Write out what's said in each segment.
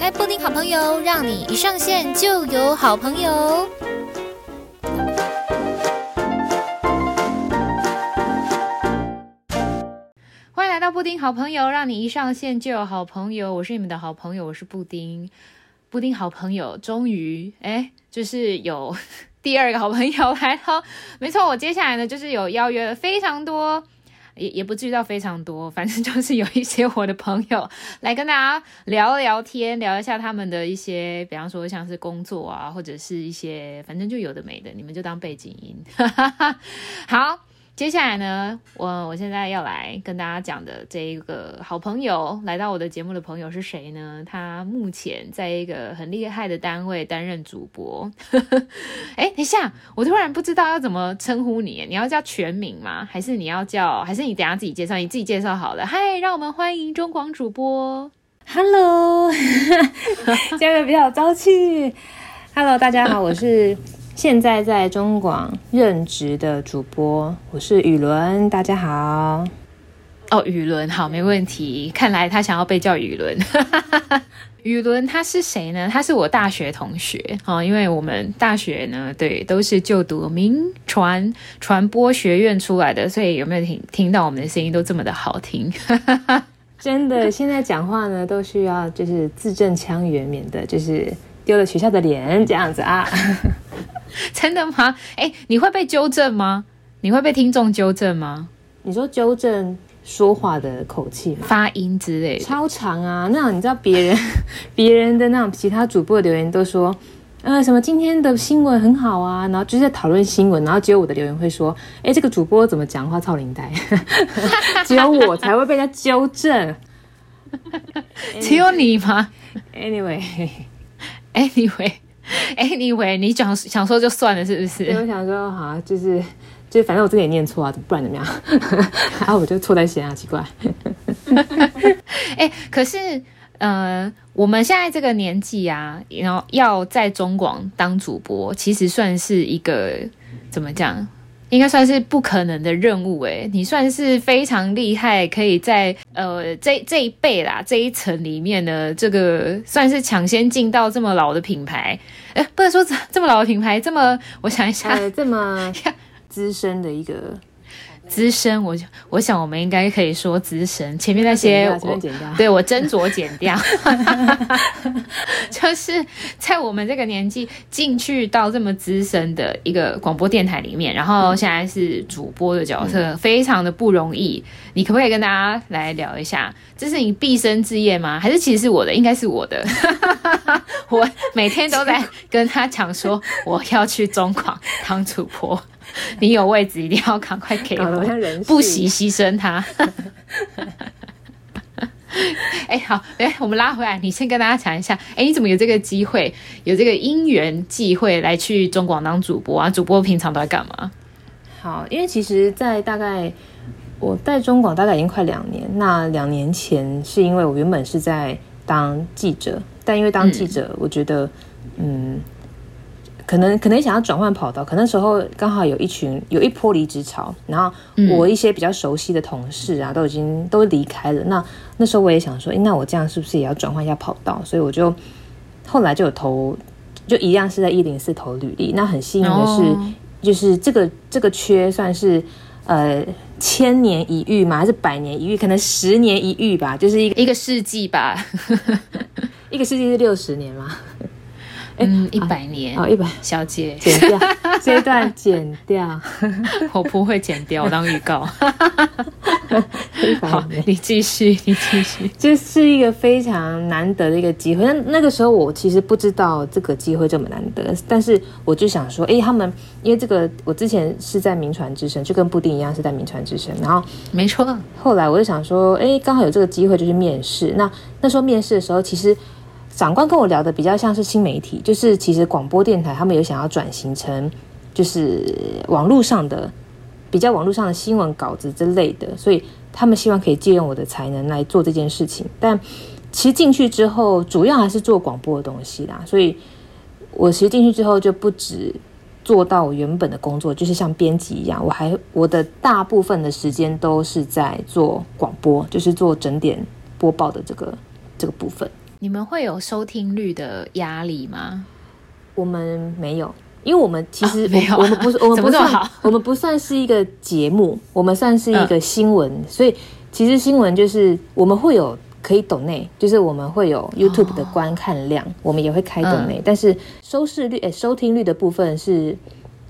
來布丁好朋友，讓你一上線就有好朋友。歡迎來到布丁好朋友，讓你一上線就有好朋友。我是你們的好朋友，我是布丁。布丁好朋友終於，哎，就是有第二個好朋友來了。沒錯，我接下來呢，就是有邀約了非常多。也也不至於到非常多，反正就是有一些我的朋友來跟大家聊聊天，聊一下他們的一些，比方說像是工作啊，或者是一些，反正就有的沒的，你們就當背景音，哈哈哈，好。接下來呢，我我現在要來跟大家講的這一個好朋友，來到我的節目的朋友是誰呢？他目前在一個很厲害的單位擔任主播。哎、 欸，等一下，我突然不知道要怎麼稱呼你，你要叫全名嗎？還是你要叫？還是你等下自己介紹？你自己介紹好了。嗨，讓我們歡迎中廣主播，Hello，這 個比較朝氣。Hello，大家好，我是。現在在中廣任職的主播，我是於倫，大家好。哦，於倫好，沒問題。看來他想要被叫於倫。 於倫他是誰呢？他是我大學同學，哦，因為我們大學呢，對，都是就讀銘傳傳播學院出來的，所以有沒有聽聽到我們的聲音都這麼的好聽？ 真的，現在講話呢都需要就是字正腔圓免得，免得就是丟了學校的臉這樣子啊。 真的嗎？哎、欸，你會被糾正嗎？你會被聽眾糾正嗎？你說糾正說話的口氣、發音之類的，超長啊！那你知道別人別 人的那種其他主播的留言都說，呃，什麼今天的新聞很好啊，然後就是在討論新聞，然後只有我的留言會說，哎、欸，這個主播怎麼講話超靈帶。 只有我才會被他糾正， 只有你嗎？Anyway，Anyway。Anyway, anyway 哎，anyway, 你以為你講想說就算了，是不是？我想說，好，啊，就是，就反正我自己也念錯啊，不然怎麼樣？然 後，啊，我就錯在先啊，奇怪。哎， 欸，可是，呃，我們現在這個年紀啊，然後要在中廣當主播，其實算是一個怎麼講？應該算是不可能的任務誒、欸，你算是非常厲害，可以在呃這這一輩啦這一層裡面呢，這個算是搶先進到這麼老的品牌，呃，不能說這麼，這麼老的品牌這麼，我想一下、哎，這麼資深的一個。 資深，我我想我們應該可以說資深。前面那些我面對我斟酌剪掉， 就是在我們這個年紀進去到這麼資深的一個廣播電台裡面，然後現在是主播的角色，嗯、非常的不容易。嗯、你可不可以跟大家來聊一下？這是你畢生之業嗎？還是其實是我的？應該是我的。 我每天都在跟他講說，我要去中廣當主播。 你有位置一定要趕快給我，像人不惜犧牲他。哎、 欸，好，哎、欸，我們拉回來，你先跟大家講一下。哎、欸，你怎麼有這個機會，有這個因緣際會來去中廣當主播啊？主播平常都在幹嘛？好，因為其實，在大概我在中廣大概已經快兩年。那兩年前是因為我原本是在當記者，但因為當記者，我覺得，嗯。嗯可能可能想要轉換跑道，可能那時候剛好有一群有一波離職潮，然後我一些比較熟悉的同事啊、嗯、都已經都離開了。那那時候我也想說、欸，那我這樣是不是也要轉換一下跑道？所以我就後來就有投，就一樣是在一零四投履歷。那很幸運的是，哦、就是這個這個缺算是呃千年一遇嘛，還是百年一遇？可能十年一遇吧，就是一個一個世紀吧。 一個世紀是六十年嗎？欸、嗯，一百年哦，一百、啊，小姐，剪掉， 這一段剪掉，我不會剪掉，我當預告。 一百年好，你繼續，你繼續，這是一個非常難得的一個機會。那那個時候我其實不知道這個機會這麼難得，但是我就想說，哎、欸，他們因為這個，我之前是在名傳之聲，就跟布丁一樣是在名傳之聲，然後沒錯，後來我就想說，哎、欸，剛好有這個機會就去面試。那那時候面試的時候，其實。長官跟我聊的比較像是新媒體，就是其實廣播電台他們有想要轉型成就是網絡上的比較網絡上的新聞稿子之類的，所以他們希望可以借用我的才能來做這件事情。但其實進去之後，主要還是做廣播的東西啦，所以我其實進去之後就不止做到我原本的工作，就是像編輯一樣，我還我的大部分的時間都是在做廣播，就是做整點播報的這個這個部分。你們會有收聽率的壓力嗎？我們沒有，因為我們其實、oh, 我沒有、啊，我們不，我們不算，麼麼我們不算是一個節目，我們算是一個新聞，uh, 所以其實新聞就是我們會有可以抖內，就是我們會有 YouTube 的觀看量，oh, 我們也會開抖內，但是收視率誒、收聽率的部分是，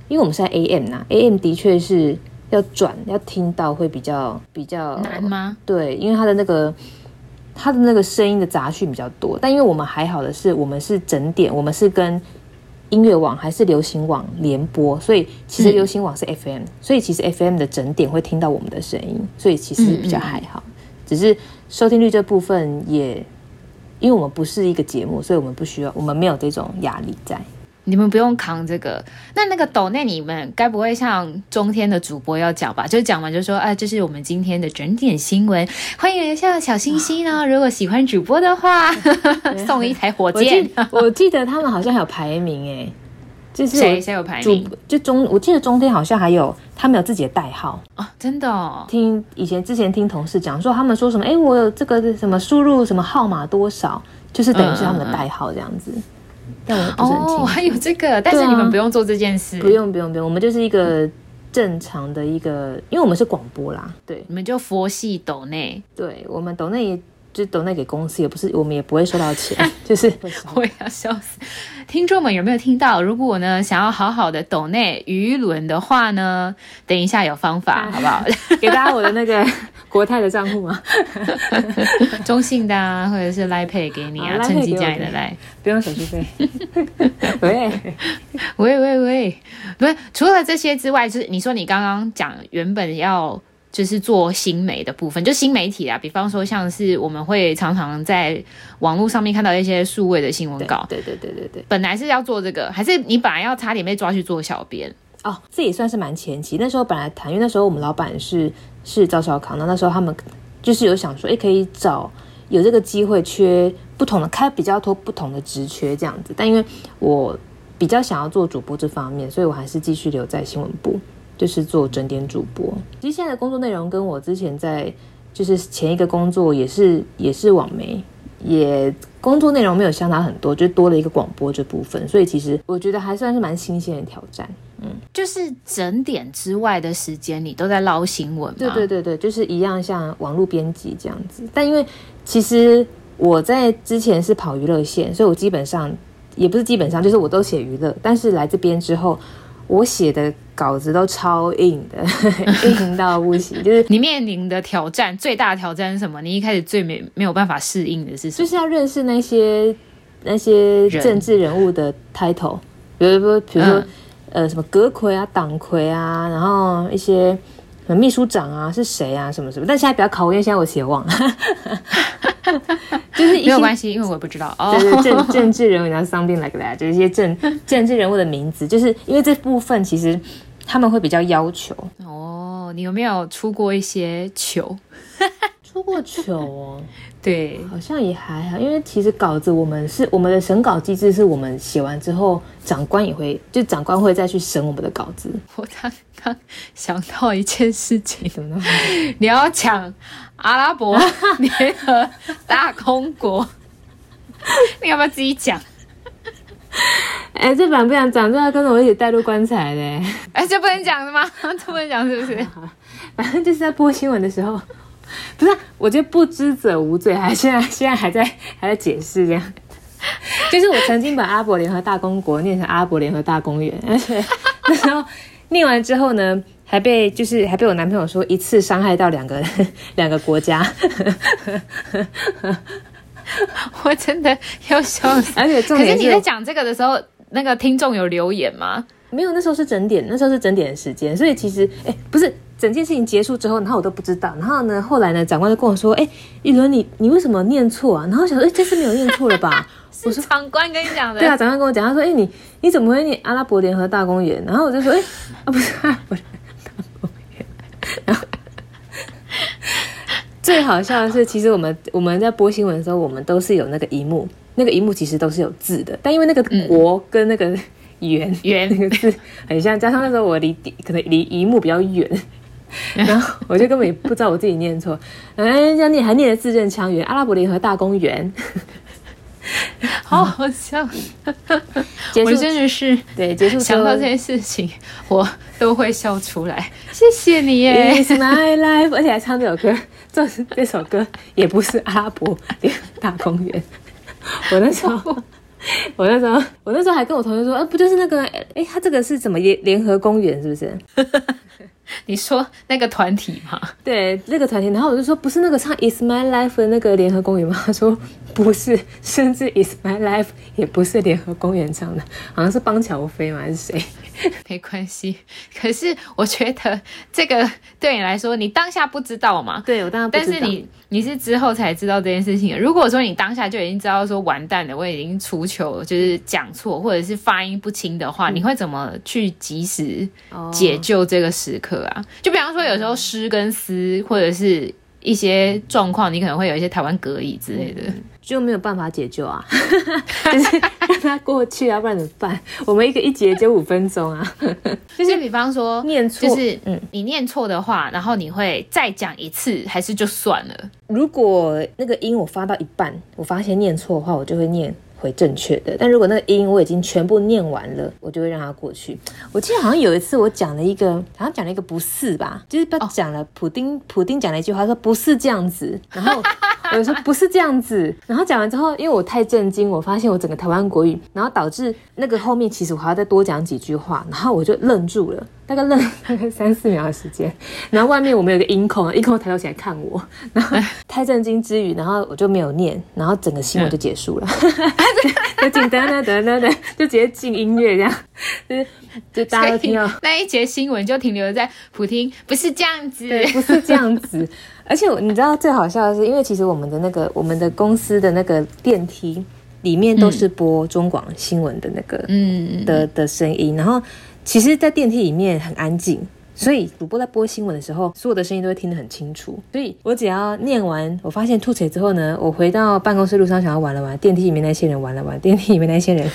因為我們是在 AM 吶，AM 的確是要轉要聽到會比較比較難嗎？對，因為它的那個。他的那個聲音的雜訊比較多，但因為我們還好的是，我們是整點，我們是跟音樂網還是流行網聯播，所以其實流行網是 FM，嗯，所以其實 FM 的整點會聽到我們的聲音，所以其實比較還好。嗯嗯，只是收聽率這部分也，因為我們不是一個節目，所以我們不需要，我們沒有這種壓力在。你們不用扛這個，那那個鬥內那你們該不會像中天的主播要講吧？就講完就說，啊、呃，這是我們今天的整點新聞，歡迎留下小心心哦。哇如果喜歡主播的話， 送一台火箭。我記， 我記得他們好像還有排名、欸、就是誰誰有排名？就中，我記得中天好像還有他們有自己的代號哦，真的、哦。聽以前之前聽同事講說，他們說什麼，哎、欸，我有這個什麼輸入什麼號碼多少，就是等於是他們的代號這樣子。嗯嗯哦，我還有這個，但是你們不用做這件事，啊。不用，不用，不用，我們就是一個正常的一個，因為我們是廣播啦，對，你們就佛系抖內。對，我們抖內也。就抖內給公司也不是，我們也不會收到錢，就是 我也要笑死。聽眾們有沒有聽到？如果呢，想要好好的抖內於倫的話呢，等一下有方法，哎、好不好？給大家我的那個國泰的賬戶嗎？ 中信的啊，或者是 Line Pay 給你啊，趁機加你的賴，不用手續費。 喂喂喂喂，不是除了這些之外，就是你說你剛剛講原本要。就是做新媒的部分，就新媒體啊。比方說像是我們會常常在網絡上面看到一些數位的新聞稿，對對對對對。對對對對本來是要做這個，還是你本來要差點被抓去做小編哦？這也算是蠻前期。那時候本來談，因為那時候我們老板是是趙少康，那那時候他們就是有想說，哎，可以找有這個機會缺不同的，開比較多不同的職缺這樣子。但因為我比較想要做主播這方面，所以我還是繼續留在新聞部。就是做整點主播，其實現在的工作內容跟我之前在就是前一個工作也是也是網媒，也工作內容沒有相差很多，就多了一個廣播這部分，所以其實我覺得還算是蠻新鮮的挑戰。嗯，就是整點之外的時間，你都在撈新聞？對對對對，就是一樣像網絡編輯這樣子。但因為其實我在之前是跑娛樂線，所以我基本上也不是基本上，就是我都寫娛樂，但是來這邊之後。我寫的稿子都超硬的，硬到不行。就是 你面臨的挑戰，最大的挑戰是什麼？你一開始最沒沒有辦法適應的是什麼？就是要認識那些那些政治人物的 title，比如說，比如說，嗯、呃，什麼閣揆啊、黨魁啊，然後一些。秘書長啊，是誰啊？什麼什麼？但現在比較考驗，現在我寫忘了，就是一沒有關係，因為我也不知道哦。政、oh. 政治人物呢，something like that，就是一些政政治人物的名字，就是因為這部分其實他們會比較要求哦。Oh, 你有沒有出過一些糗？ 出過糗哦。對，好像也還好，因為其實稿子我們是我們的審稿機制，是我們寫完之後，長官也會就長官會再去審我們的稿子。我剛剛想到一件事情，你，麼麼你要講阿拉伯聯合大公國？啊、 你要不要自己講？哎、欸，這版不想講，就要跟着我一起帶入棺材的哎，這、欸、不能講的嗎？不能講是不是？反正就是在播新聞的時候。不是、啊，我就不知者無罪，還現在現在還在還在解釋這樣，就是我曾經把阿伯聯合大公國念成阿伯聯合大公園， 而且那時候念完之後呢，還被就是還被我男朋友說一次傷害到兩個兩個國家， 我真的要笑死。而且重點是，是你在講這個的時候，那個聽眾有留言嗎？沒有，那時候是整點，那時候是整點的時間，所以其實哎、欸，不是。整件事情結束之後，然後我都不知道。然後呢，後來呢，長官就跟我說：“哎、欸，於倫你，你你為什麼念錯啊？”然後我想說：“哎、欸，這次沒有念錯了吧？”我說：“長官跟你講的。”對啊，長官跟我講，他說：“哎、欸，你你怎麼會念阿拉伯聯合大公園？”然後我就說：“哎、欸，啊不是不是阿拉伯聯合大公園。然後”哈哈 最好笑的是，其實我們我們在播新聞的時候，我們都是有那個熒幕，那個熒幕其實都是有字的，但因為那個國跟那個圓圓、嗯、那個字很像，加上那時候我離可能離熒幕比較遠。 然後我就根本也不知道我自己念錯，哎、嗯，這樣念還念了字正腔圓，《阿拉伯聯合大公園》 oh, 結束，好笑！我真的是對，想到這件事情，件事情我都會笑出來。謝謝你耶 yes, my，Life， 而且還唱這首歌，這首這首歌也不是《阿拉伯聯合大公園。》 我那時候， 我那時候，我那時候還跟我同學說，呃、啊，不就是那個？哎、欸，他這個是什麼聯聯合公園？是不是？你說那個團體嗎？對，那個團體。然後我就說，不是那個唱《Is My Life》的那個聯合公園嗎？他說不是，甚至《Is My Life》也不是聯合公園唱的，好像是邦喬飛嗎？還是誰？沒關係，可是我覺得這個對你來說，你當下不知道嘛？對，我當下不知道，但是你你是之後才知道這件事情的。如果說你當下就已經知道，說完蛋了，我已經出糗，就是講錯或者是發音不清的話，嗯、你會怎麼去及時解救這個時刻啊？哦、就比方說，有時候「師」跟「司」或者是一些狀況，你可能會有一些台灣隔離之類的。嗯就沒有辦法解救啊， 就是讓它過去啊，不然怎麼辦？我們一個一節就五分鐘啊， 就是比方說念錯，就是嗯，你念錯的話，然後你會再講一次，還是就算了？如果那個音我發到一半，我發現念錯的話，我就會念。會正確的，但如果那個音我已經全部念完了，我就會讓它過去。我記得好像有一次我講了一個，好像講了一個不是吧？就是講了布丁，oh. 布丁講了一句話說不是這樣子，然後我說不是這樣子， 然後講完之後，因為我太震驚，我發現我整個台灣國語，然後導致那個後面其實我還要再多講幾句話，然後我就愣住了。大概愣大概三四秒的時間，然後外面我們有個音控， 音控抬頭起來看我，然後太震驚之餘，然後我就沒有念，然後整個新聞就結束了。就停，嗯，噔 噔 就直接進音樂這樣，就大家都聽到那一節新聞就停留在普聽，不是這樣子，不是這樣子。 而且你知道最好笑的是，因為其實我們的那個我們的公司的那個電梯裡面都是播中廣新聞的那個的嗯的的聲音，然後。其實，在電梯裡面很安靜，所以主播在播新聞的時候，所有的聲音都會聽得很清楚。所以我只要念完，我發現吐血之後呢，我回到辦公室路上，想要玩了玩電梯裡面那些人，玩了玩電梯裡面那些人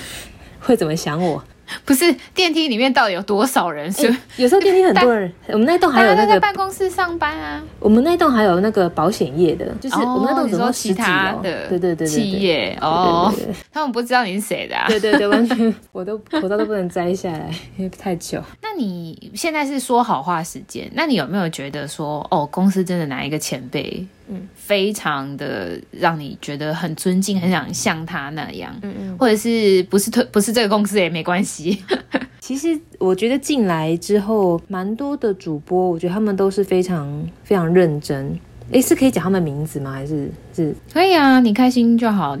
會怎麼想我？不是電梯裡面到底有多少人是，欸、有時候電梯很多人。但我們那棟還有那個辦公室上班啊。我們那棟還有那個保險業的，就是、哦、我們那棟有、喔、其他的，企業對對對對對哦，對對對對他們不知道你是誰的、啊。對對對，完全我都口罩都不能摘下來， 因為不太久。那你現在是說好話時間？那你有沒有覺得說哦，公司真的哪一個前輩？嗯，非常的讓你覺得很尊敬，很想像他那樣，嗯嗯，或者是不是特不是這個公司也、欸、沒關係。 其實我覺得進來之後，蠻多的主播，我覺得他們都是非常非常認真。哎、欸，是可以講他們名字嗎？還是是？可以啊，你開心就好。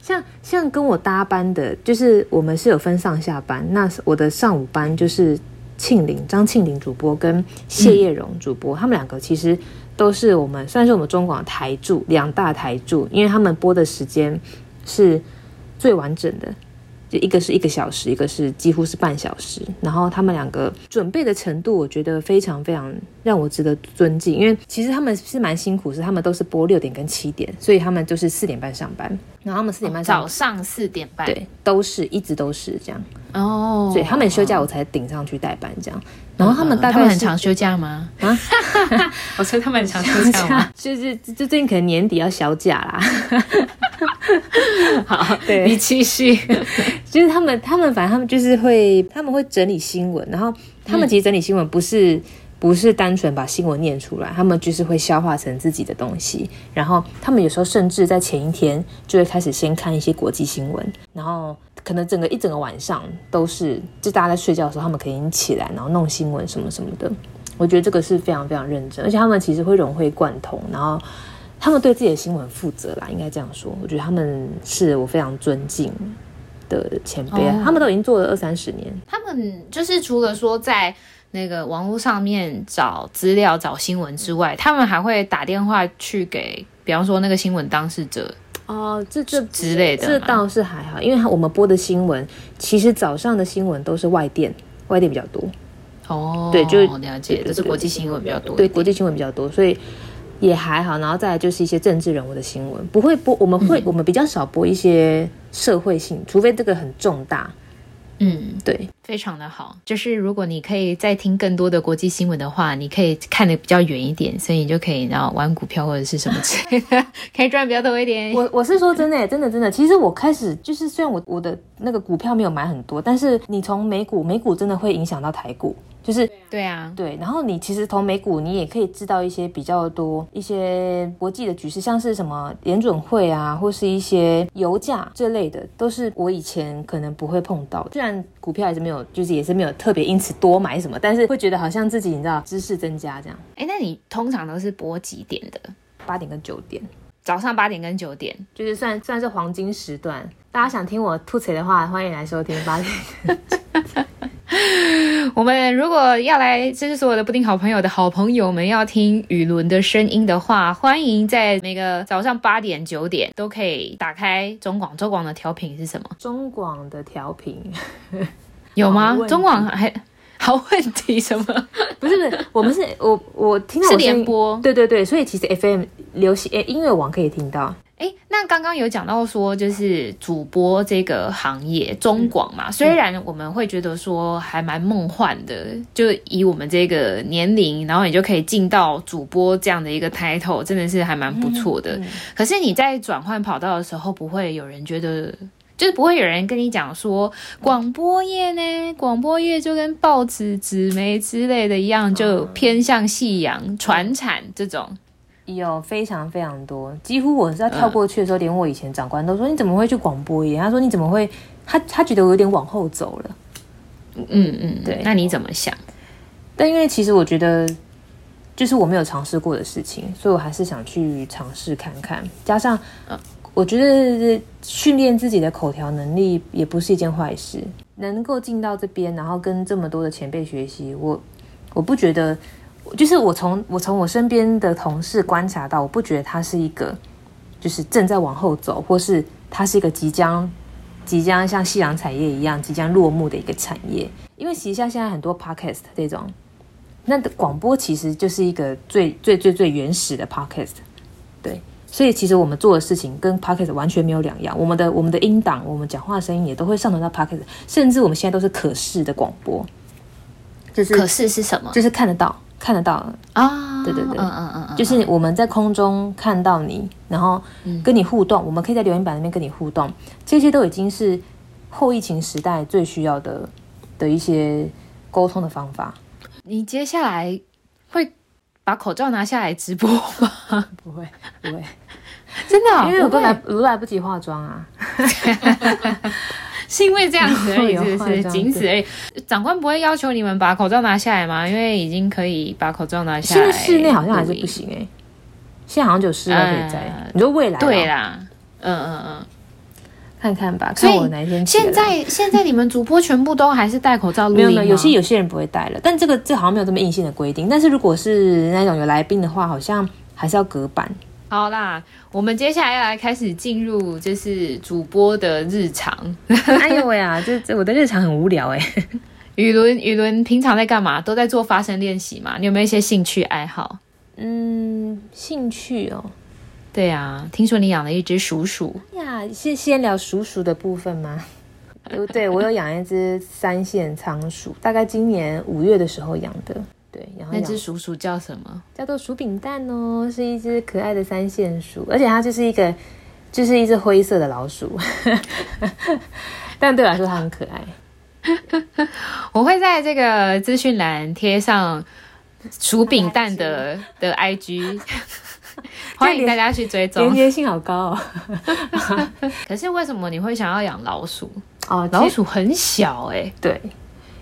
像像跟我搭班的，就是我們是有分上下班。那我的上午班就是慶玲、張慶玲主播跟謝葉榮主播，嗯、他們兩個其實。都是我們算是我們中廣台柱，兩大台柱，因為他們播的時間是最完整的。就一個是一個小時，一個是幾乎是半小時。然後他們兩個準備的程度，我覺得非常非常讓我值得尊敬，因為其實他們是蠻辛苦的，是他們都是播六點跟七點，所以他們就是四點半上班。然後他們四點半上班、哦、早上四點半對，都是一直都是這樣哦。所以他們休假我才頂上去代班這樣。哦、然後他們大概、嗯、他們很常休假嗎？啊蛤， 我說他們很常休假嗎，就是就,就最近可能年底要小假啦。 好，對你繼續。其實他們，他們反正他們就是會，他們會整理新聞，然後他們其實整理新聞不是、嗯、不是單純把新聞念出來，他們就是會消化成自己的東西，然後他們有時候甚至在前一天就會開始先看一些國際新聞，然後可能整個一整個晚上都是，就大家在睡覺的時候，他們可以起來然後弄新聞什麼什麼的。我覺得這個是非常非常認真，而且他們其實會融會貫通，然後他們對自己的新聞負責啦，應該這樣說。我覺得他們是我非常尊敬的前輩、啊，哦、他們都已經做了二三十年。他們就是除了說在那個網絡上面找資料、找新聞之外，他們還會打電話去給，比方說那個新聞當事者。哦，這這之類的，這倒是還好，因為我們播的新聞，其實早上的新聞都是外電，外電比較多。哦，對，就了解，都是國際新聞比較多，對，國際新聞比較多，所以也還好。然後再來就是一些政治人物的新聞不會播，我們會、嗯、我們比較少播一些。社會性，除非這個很重大，嗯，對。非常的好，就是如果你可以再聽更多的國際新聞的話，你可以看得比較遠一點，所以你就可以然後玩股票或者是什麼 可以賺比較多一點。我我是說真的，真的真的，其實我開始就是雖然我我的那個股票沒有買很多，但是你從美股，美股真的會影響到台股，就是對啊，對。然後你其實從美股，你也可以知道一些比較多一些國際的局勢，像是什麼聯準會啊，或是一些油價這類的，都是我以前可能不會碰到的。雖然股票還是沒有。就是也是沒有特別因此多買什麼，但是會覺得好像自己你知道知識增加這樣。哎、欸，那你通常都是播幾點的？八點跟九點，早上八點跟九點，就是算算是黃金時段。大家想聽我吐詞的話，歡迎來收聽八點。我們如果要來支持所有的布丁好朋友的好朋友們要聽於倫的聲音的話，歡迎在每個早上八點九點都可以打開中廣。中廣的調頻是什麼？中廣的調頻。 有嗎？中廣還好？問題什麼？不是不是，我們是我我聽到我是聯播，對對對，所以其實 FM 流行誒、欸、音樂網可以聽到。哎、欸，那剛剛有講到說，就是主播這個行業，中廣嘛，是雖然我們會覺得說還蠻夢幻的，嗯、就以我們這個年齡，然後你就可以進到主播這樣的一個 title，真的是還蠻不錯的。嗯嗯、可是你在轉換跑道的時候，不會有人覺得？就是不會有人跟你講說廣播業呢，廣播業就跟報紙、紙媒之類的一樣，就偏向夕陽傳產這種。有非常非常多，幾乎我是在跳過去的時候，嗯、連我以前長官都說：“你怎麼會去廣播業？”他說：“你怎麼會？”他他覺得我有點往後走了。嗯嗯，嗯對。那你怎麼想、哦？但因為其實我覺得，就是我沒有嘗試過的事情，所以我還是想去嘗試看看，加上。嗯我覺得訓練自己的口條能力也不是一件壞事。能夠進到這邊，然後跟這麼多的前輩學習，我我不覺得，就是我從我從我身邊的同事觀察到，我不覺得它是一個就是正在往後走，或是它是一個即將即將像夕陽產業一樣即將落幕的一個產業。因為其實像現在很多 podcast 這種，那的廣播其實就是一個最最最最原始的 podcast，對。所以其實我們做的事情跟 Podcast 完全沒有兩樣。我們的我們的音檔，我們講話的聲音也都會上傳到 Podcast，甚至我們現在都是可視的廣播。就是可視是什麼？就是看得到，看得到啊！哦、對對對，嗯嗯嗯嗯，就是我們在空中看到你，然後跟你互動。嗯、我們可以在留言板那邊跟你互動，這些都已經是後疫情時代最需要的的一些溝通的方法。你接下來？把口罩拿下來直播嗎？不會，不會， 真的、哦？因為我來我來不及化妝啊，是因為這樣子而已是不是，是僅此而已。對長官不會要求你們把口罩拿下來嗎？因為已經可以把口罩拿下來。室內好像還是不行誒、欸，呃、現在好像就室外可以摘、呃、你說未來、喔？對啦，嗯嗯嗯。看看吧，所以，看我哪一天現在現在你們主播全部都還是戴口罩錄音嗎？ 沒有沒有，有些有些人不會戴了。但這個這好像沒有這麼硬性的規定。但是如果是那種有來賓的話，好像還是要隔板。好啦，我們接下來要來開始進入就是主播的日常。 哎呦喂啊，這這我的日常很無聊誒、欸。 雨倫雨倫平常在幹嘛？都在做發聲練習嘛。你有沒有一些興趣愛好？嗯，興趣哦。對啊，聽說你養了一隻鼠鼠。對、哎、呀，先先聊鼠鼠的部分嗎？對，我有養一隻三線倉鼠，大概今年五月的時候養的。對，然後那隻鼠鼠叫什麼？叫做鼠餅蛋哦，是一隻可愛的三線鼠，而且它就是一個，就是一隻灰色的老鼠， 但對我來說它很可愛。我會在這個資訊欄貼上鼠餅蛋的的 IG。歡迎大家去追蹤，連接性好高、哦、 可是為什麼你會想要養老鼠？哦，老鼠很小哎、欸，對,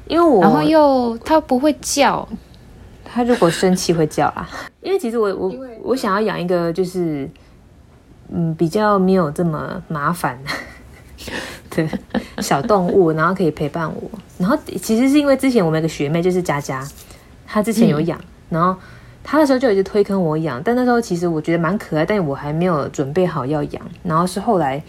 因為我然後又它不會叫，它如果生氣會叫啊。因為其實我我為我想要養一個就是嗯比較沒有這麼麻煩的，對小動物，然後可以陪伴我。然後其實是因為之前我們有個學妹就是佳佳，她之前有養，嗯、然後。他那時候就一直推坑我養，但那時候其實我覺得蠻可愛，但我還沒有準備好要養。然後是後來，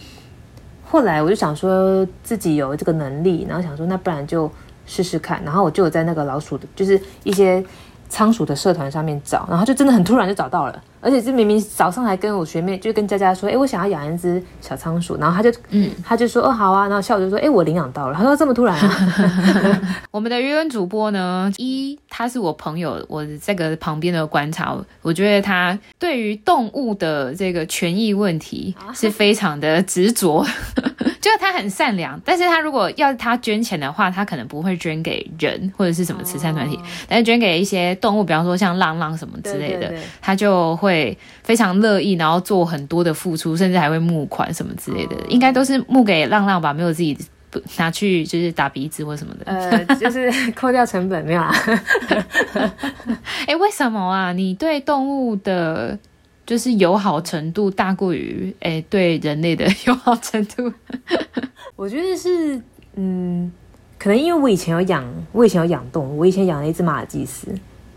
後來我就想說自己有這個能力，然後想說那不然就試試看。然後我就有在那個老鼠的，就是一些。倉鼠的社團上面找，然後就真的很突然就找到了，而且這明明早上還跟我學妹就跟佳佳說，哎、欸，我想要養一隻小倉鼠，然後他就，嗯，他就說，哦，好啊，然後下午就說，哎、欸，我領養到了，他說這麼突然啊。 我們的於倫主播呢，一，他是我朋友，我這個旁邊的觀察，我覺得他對於動物的這個權益問題是非常的執着。 因為他很善良，但是他如果要他捐錢的話，他可能不會捐給人或者是什麼慈善團體，哦、但是捐給一些動物，比方說像浪浪什麼之類的，對對對，他就會非常樂意，然後做很多的付出，甚至還會募款什麼之類的，哦、應該都是募給浪浪吧，沒有自己不拿去就是打鼻子或什麼的，呃，就是扣掉成本， 沒有、啊。哎、 欸，為什麼啊？你對動物的？就是友好程度大過於誒對人類的友好程度， 我覺得是嗯，可能因為我以前有養，我以前有養動物，我以前養了一只馬爾濟斯，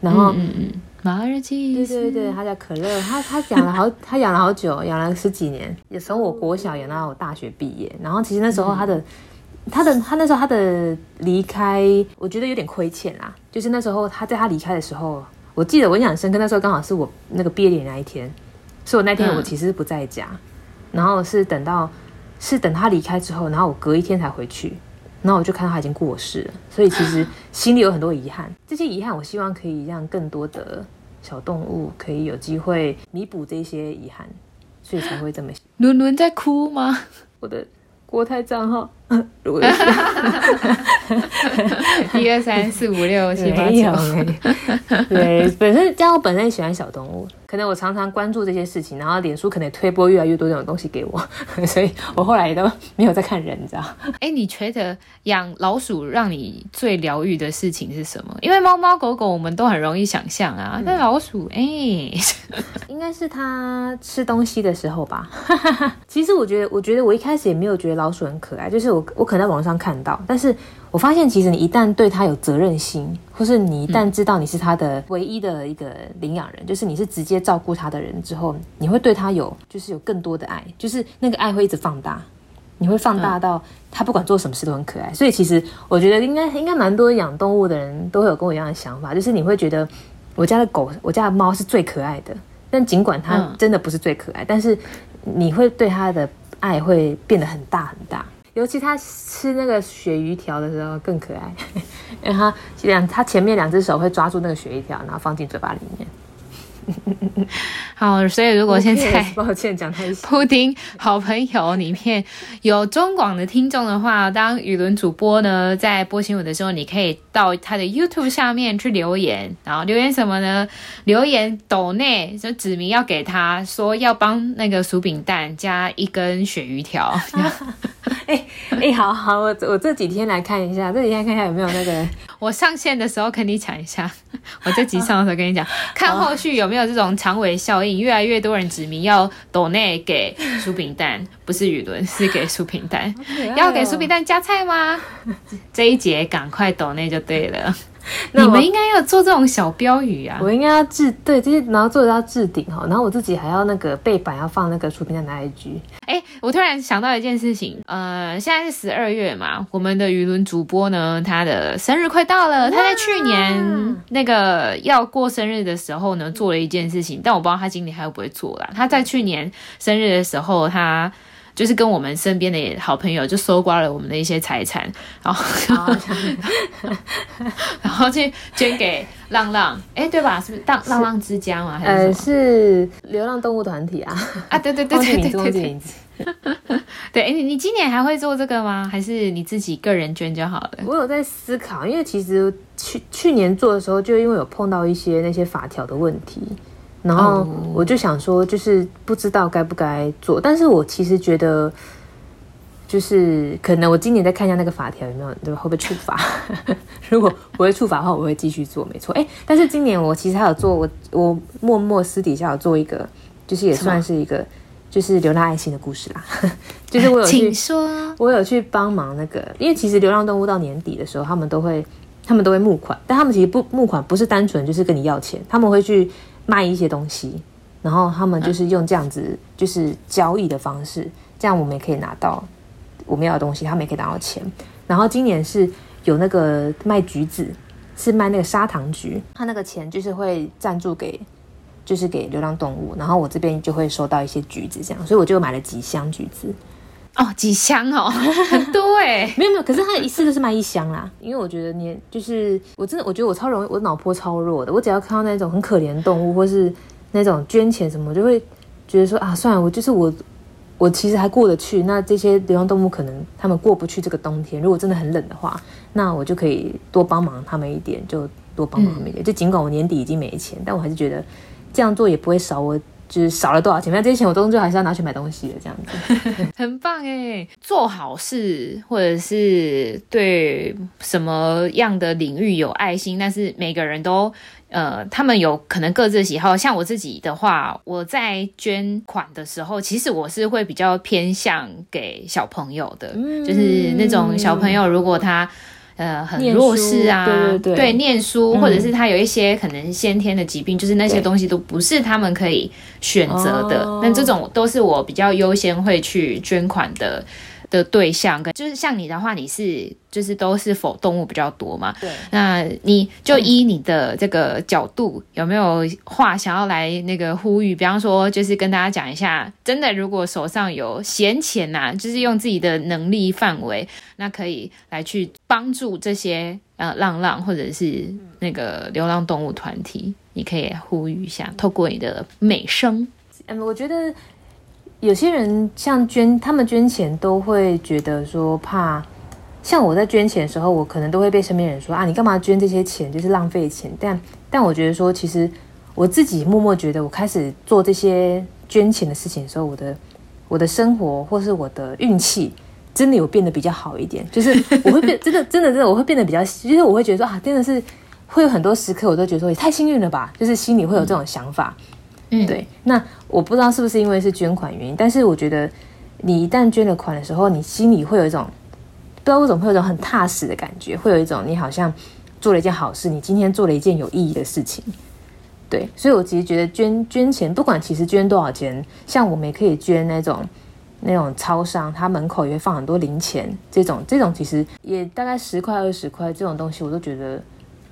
然後、嗯嗯、馬爾濟斯，對對對，他叫可樂，他他養了好， 他養了好久，養了十幾年，也從我國小養到我大學畢業，然後其實那時候他的、嗯、他的他那時候他的離開，我覺得有點虧欠啦。就是那時候他在他離開的時候。我記得我想生根，那時候剛好是我那個畢業典禮那一天，所以我那天我其實是不在家，嗯、然後是等到是等他離開之後，然後我隔一天才回去，然後我就看到他已經過世了，所以其實心裡有很多遺憾。這些遺憾，我希望可以讓更多的小動物可以有機會彌補這些遺憾，所以才會這麼。倫倫在哭嗎？我的國泰賬號。如果。一、二、三、四、五、六、七、八、九。對，本身加我本身也喜歡小動物，可能我常常關注這些事情，然後臉書可能推播越來越多這種東西給我，所以我後來都沒有在看人，你知道。哎，你覺得養老鼠讓你最療癒的事情是什麼？因為貓貓狗狗我們都很容易想象啊，那老鼠哎，應該是它吃東西的時候吧。其實我覺得，我覺得我一開始也沒有覺得老鼠很可愛，就是我。我可能在網上看到，但是我發現，其實你一旦對他有責任心，或是你一旦知道你是他的唯一的一個領養人，嗯、就是你是直接照顧他的人之後，你會對他有，就是有更多的愛，就是那個愛會一直放大，你會放大到他不管做什麼事都很可愛。嗯、所以其實我覺得應該應該蠻多養動物的人都會有跟我一樣的想法，就是你會覺得我家的狗、我家的貓是最可愛的，但儘管它真的不是最可愛，嗯、但是你會對它的愛會變得很大很大。尤其他吃那個鱈魚條的時候更可愛，然後他兩他前面兩隻手會抓住那個鱈魚條，然後放進嘴巴裡面。 好，所以如果現在抱歉講太碎，布丁好朋友，裡面有中廣的聽眾的話，當於倫主播呢，在播新聞的時候，你可以到他的 YouTube 下面去留言，然後留言什麼呢？留言抖內就指明要給他說要幫那個鼠餅蛋加一根鱈魚條。哎哎、 欸欸，好好，我我這幾天來看一下，這幾天看一下有沒有那個 我上線的時候跟你講一下，我這集上的時候跟你講，哦、看後續有沒有、哦。這種長尾效應，越來越多人指名要抖內給鼠餅蛋， 不是於倫是給鼠餅蛋。 喔、要給鼠餅蛋加菜嗎？ 這一節趕快抖內就對了。 你們應該要做這種小標語啊！我，我應該要置對，就是然後做得到置頂哈，然後我自己還要那個背板要放那個鼠餅蛋的 IG。哎、欸，我突然想到一件事情，呃，現在是十二月嘛，我們的於倫主播呢，他的生日快到了。他在去年那個要過生日的時候呢，做了一件事情，但我不知道他今年還會不會做啦。他在去年生日的時候，他。就是跟我們身邊的好朋友，就搜刮了我們的一些財產，然後 然後去捐給浪浪，哎、欸，對吧？是不是浪浪浪之家嗎？是還是，呃，是流浪動物團體啊。啊，對對對對，對對對對對對。 對，你你今年還會做這個嗎？還是你自己個人捐就好了？我有在思考，因為其實去去年做的時候，就因為有碰到一些那些法條的問題。然後我就想說，就是不知道該不該做，oh. 但是我其實覺得，就是可能我今年再看一下那個法條有沒有，對，會不會處罰？ 如果不會處罰的話，我會繼續做，沒錯。哎，但是今年我其實還有做，我我默默私底下有做一個，就是也算是一個就是流浪愛心的故事啦。 就是我有去，請說我有去幫忙那個，因為其實流浪動物到年底的時候，他們都會他們都會募款，但他們其實不募款不是單純就是跟你要錢，他們會去。賣一些東西，然後他們就是用這樣子、嗯、就是交易的方式，這樣我們也可以拿到我們要的東西，他們也可以拿到錢。然後今年是有那個賣橘子，是賣那個砂糖橘，他那個錢就是會贊助給，就是給流浪動物。然後我這邊就會收到一些橘子，這樣，所以我就買了幾箱橘子。哦，幾箱哦，很多哎。沒有沒有，可是他一次就是買一箱啦， 因為我覺得年就是我真的，我覺得我超容易，我腦波超弱的，我只要看到那種很可憐的動物或是那種捐錢什麼，我就會覺得說啊，算了，我就是我，我其實還過得去。那這些流浪動物可能他們過不去這個冬天，如果真的很冷的話，那我就可以多幫忙他們一點，就多幫忙他們一點。嗯、就儘管我年底已經沒錢，但我還是覺得這樣做也不會少我就是少了多少錢，那這些錢我終究還是要拿去買東西的，這樣子。 很棒誒，做好事或者是對什麼樣的領域有愛心，但是每個人都呃，他們有可能各自的喜好。像我自己的話，我在捐款的時候，其實我是會比較偏向給小朋友的，嗯、就是那種小朋友如果他。呃，很弱勢啊，對對對，念書或者是他有一些可能先天的疾病，就是那些東西都不是他們可以選擇的。那對這種都是我比較優先會去捐款的的對象。跟就是像你的話，你是就是都是 for 動物比較多嘛？對，那你就依你的這個角度，嗯、有沒有話想要來那個呼籲？比方說，就是跟大家講一下，真的如果手上有閒錢吶、啊，就是用自己的能力範圍，那可以來去。幫助這些呃浪浪或者是那個流浪動物團體，你可以呼籲一下，透過你的美聲。嗯，我覺得有些人像捐，他們捐錢都會覺得說怕。像我在捐錢的時候，我可能都會被身邊人說啊，你幹嘛捐這些錢，就是浪費錢。但但我覺得說，其實我自己默默覺得，我開始做這些捐錢的事情的時候，我的我的生活或是我的運氣。真的有變得比較好一點，就是我會變，真的真的真的我會變得比較，就是我會覺得啊，真的是會有很多時刻，我都覺得說也太幸運了吧，就是心裡會有這種想法，嗯，對。那我不知道是不是因為是捐款原因，但是我覺得你一旦捐了款的時候，你心裡會有一種，不知道為什麼會有一種很踏實的感覺，會有一種你好像做了一件好事，你今天做了一件有意義的事情，對。所以我其實覺得捐捐錢，不管其實捐多少錢，像我們也可以捐那種。那種超商，它門口也會放很多零錢，這種這種其實也大概十塊二十塊這種東西，我都覺得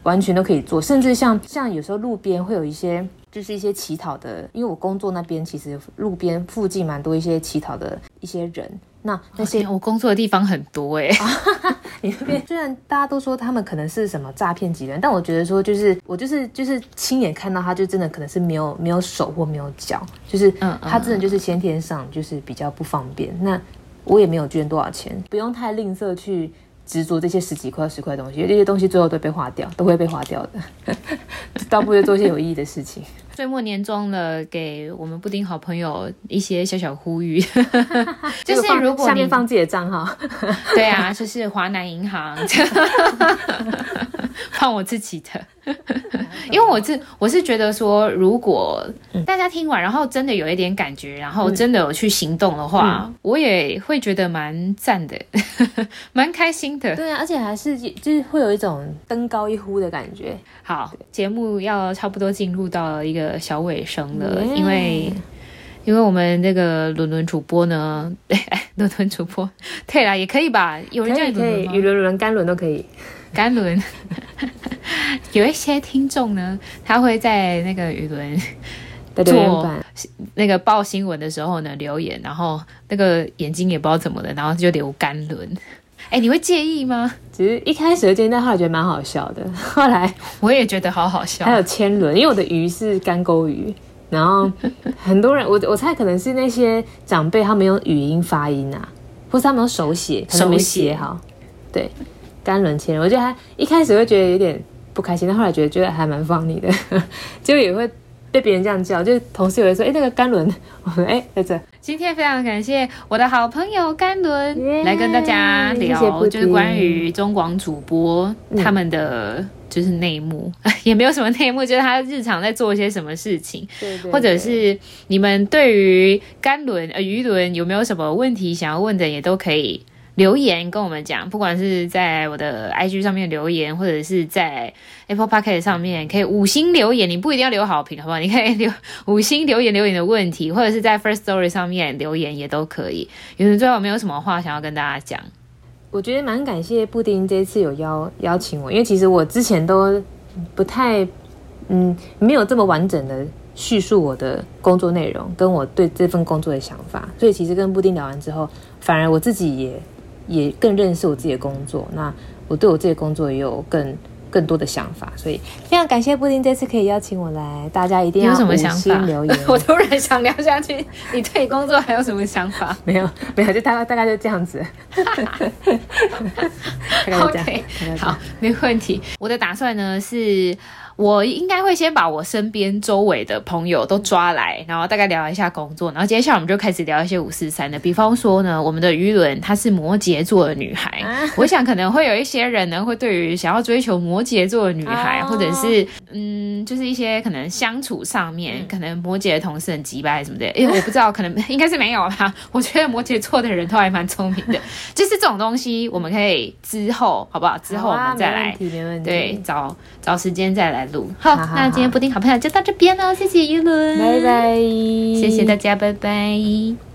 完全都可以做，甚至像像有時候路邊會有一些就是一些乞討的，因為我工作那邊其實路邊附近蠻多一些乞討的。一些人，那那些，哦、我工作的地方很多哎、欸， 你那邊雖然大家都說他們可能是什麼詐騙集團，但我覺得說就是我就是就是親眼看到他，就真的可能是沒有沒有手或沒有腳，就是嗯，他真的就是先天上就是比較不方便。嗯嗯，那我也沒有捐多少錢，不用太吝嗇去執着這些十幾塊十塊東西，因為這些東西最後都被花掉，都會被花掉的， 倒不如做些有意義的事情。歲末年終了，給我們布丁好朋友一些小小呼籲， 就是如果，如果下面放自己的賬號， 對啊，就是華南銀行， 放我自己的。 因為我是我是覺得說，如果大家聽完，然後真的有一點感覺，然後真的有去行動的話，嗯嗯、我也會覺得蠻讚的，蠻 開心的。對啊，而且還是就是會有一種登高一呼的感覺。好，節對目要差不多進入到了一個小尾聲了，嗯、因為因為我們那個輪輪主播呢，輪 輪主播對啦也可以吧？有人叫你倫倫嗎？可以可以，雨輪輪、甘輪都可以。甘輪， 有一些聽眾呢，他會在那個於倫做那個報新聞的時候呢留言，然後那個眼睛，也不知道怎麼了，然後就留甘輪。哎、欸，你會介意嗎？其實一開始的聽那話覺得蠻好笑的，後來我也覺得好好笑。還有千輪，因為我的於是干勾於，然後很多人 我我猜可能是那些長輩他沒有語音發音啊，或是他們沒有手寫，手寫哈，對。甘倫簽，我覺得他一開始會覺得有點不開心，但後來覺得覺得還蠻 funny 的呵呵，就也會被別人這樣叫，就同事有會說：“哎、欸，那個甘倫。”我說：“哎、欸，在這。”今天非常感謝我的好朋友甘倫來跟大家聊，謝謝就是關於中廣主播他們的就是內幕，嗯、也沒有什麼內幕，就是他日常在做一些什麼事情，對對對，或者是你們對於甘倫呃於倫有沒有什麼問題想要問的，也都可以。留言，跟我們講，不管是在我的 IG 上面留言，或者是在 Apple Podcast 上面可以五星留言，你不一定要留好評，好不好？你可以留五星留言，留言的問題，或者是在 First Story 上面留言也都可以。有時候最後沒有什麼話想要跟大家講？我覺得蠻感謝布丁這次有邀邀請我，因為其實我之前都不太嗯，沒有這麼完整的敘述我的工作內容，跟我對這份工作的想法。所以其實跟布丁聊完之後，反而我自己也。也更認識我自己的工作，那我對我自己的工作也有更更多的想法，所以非常感謝布丁這次可以邀請我來，大家一定要有什麼想法留言。 我突然想聊下去， 你對工作還有什麼想法？沒有，沒有，就大概大概就這樣子。大概就這樣。好，沒問題。我的打算呢是。我應該會先把我身邊周圍的朋友都抓來，然後大概聊一下工作，然後接下來我們就開始聊一些五四三的，比方說呢，我們的於倫她是摩羯座的女孩，啊、我想可能會有一些人呢會對於想要追求摩羯座的女孩，啊、或者是嗯，就是一些可能相處上面，可能摩羯的同事很急吧，還是什麼的，因、欸、為我不知道，可能應該是沒有啦。我覺得摩羯座的人都還蠻聰明的，就是這種東西我們可以之後好不好？之後我們再來，啊、對，找找時間再來。好，那今天布丁好朋友就到這邊了。謝謝於倫，拜拜 bye，謝謝大家，拜拜。